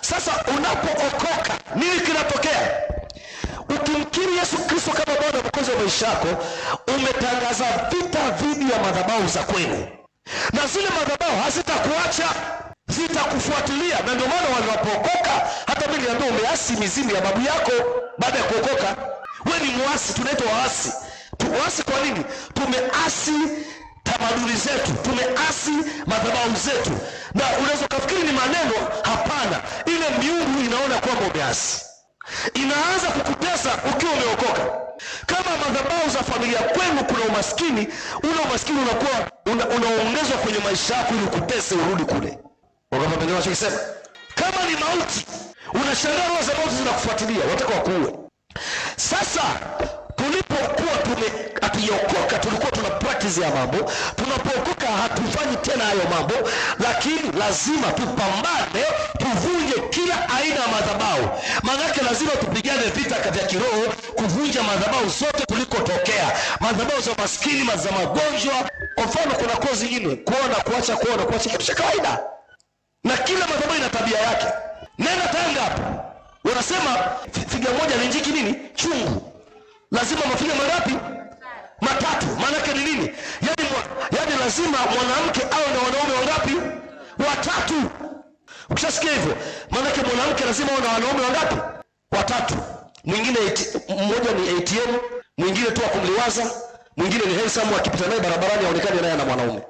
Sasa unapookoka nini kinatokea? Ukimkiri Yesu Kristo kama Bwana na Mwokozi wa maisha yako, umetangaza vita dhidi ya madhabahu za kwenu, na zile madhabahu hazitakuacha zitakufuatilia. Na ndio maana wanapookoka, hata mimi niliambiwa, umeasi mizimu ya babu yako baada ya kuokoka. We ni mwasi tunaitwa waasi. Tuasi kwa nini? Tumeasi zetu, tumeasi madhabahu zetu, na unaweza ukafikiri ni maneno. Hapana, ile miungu inaona kwamba umeasi, inaanza kukutesa ukiwa umeokoka. Kama madhabahu za familia kwenu kuna umaskini, ule umaskini unakuwa una, unaongezwa kwenye maisha yako ili ukutese urudi kule. Unachokisema kama ni mauti, unashangaa roho za mauti zinakufuatilia, wataka wakuue. Sasa hatujaokoka, tulikuwa tuna practice ya mambo. Tunapookoka hatufanyi tena hayo mambo, lakini lazima tupambane, tuvunje kila aina ya madhabahu. Maanake lazima tupigane vita vya kiroho, kuvunja madhabahu zote tulikotokea, madhabahu za maskini, za magonjwa. Kwa mfano, kuna kozi nyingine kuona, kuacha kuona, kuacha, kitu cha kawaida, na kila madhabahu ina tabia yake. Nenda Tanga hapo, wanasema figa moja linjiki nini chungu lazima mafunyo mangapi? Matatu. Maanake ni nini? Yani, yani lazima mwanamke awe na wanaume wangapi? Watatu. Ukishasikia hivyo, maanake mwanamke lazima awe na wanaume wangapi? Watatu. Mwingine mmoja ni ATM, mwingine tu akumliwaza, mwingine ni handsome, akipita naye barabarani aonekane naye ana mwanaume,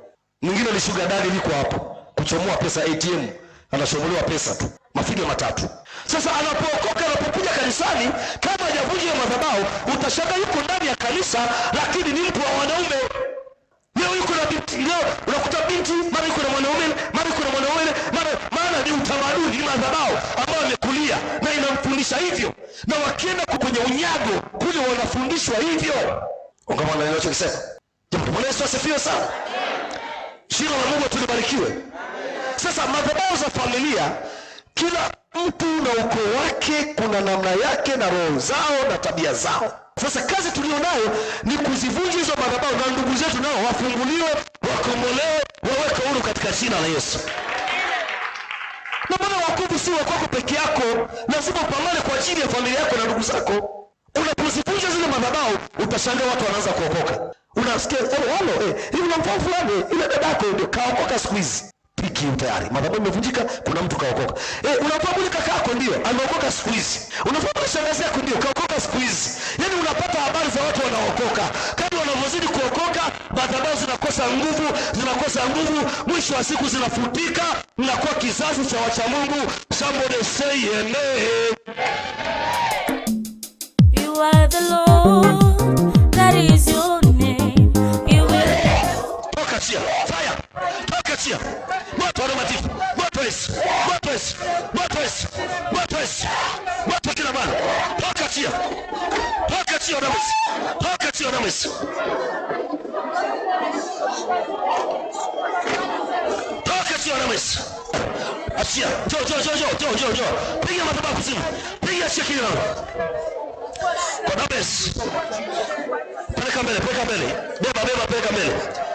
mwingine ni sugar daddy, liko hapo kuchomoa pesa ATM, anachomolewa pesa tu. Mafiga matatu. Sasa anapookoka anapokuja kanisani bila shaka yuko ndani ya kanisa, lakini ni mtu wa wanaume. Leo yuko na binti, leo unakuta binti, mara yuko na mwanaume, mara yuko na mwanaume, mara maana ni utamaduni, ni madhabahu ambayo amekulia na inamfundisha hivyo, na wakienda kwenye unyago kule wanafundishwa hivyo. Ungamana ninachokisema jambo. Bwana Yesu asifiwe sana. Jina la Mungu tulibarikiwe. Sasa madhabahu za familia, kila mtu na ukoo wake na namna yake na roho zao na tabia zao. Sasa kazi tulionayo ni kuzivunja hizo madhabahu, na ndugu zetu nao wafunguliwe, wakombolewe, waweke huru katika jina la Yesu. Na Bwana, wokovu si wa kwako peke yako, lazima upambane kwa ajili ya familia yako na ndugu zako. Unapozivunja zile madhabahu, utashangaa watu wanaanza kuokoka. Unasikia oh, eh, hivi, eh, namfaa fulani, ile dadako ndio kaokoka siku hizi kiu tayari, madhabahu imevunjika, kuna mtu kaokoka. Eh, unafaa kule kaka yako ndio ameokoka siku hizi, unafaa kule shangazi yako ndio kaokoka siku hizi. Yani unapata habari za watu wanaokoka, kadri wanavyozidi kuokoka, madhabahu zinakosa nguvu, zinakosa nguvu, mwisho wa siku zinafutika, mnakuwa kizazi cha wacha Mungu. Somebody say amen. You are the Lord, that is your name. You will... Toka chia, fire. Achia moto mtakatifu, moto Yesu, moto Yesu, moto Yesu, moto Yesu, moto kila bana, toka achia, toka achia damu Yesu, toka achia damu Yesu, toka achia damu Yesu, achia, jo jo jo jo jo jo, piga madhabahu simu, piga achia kila kwa damu Yesu, peleka mbele, peleka mbele, beba beba, peleka mbele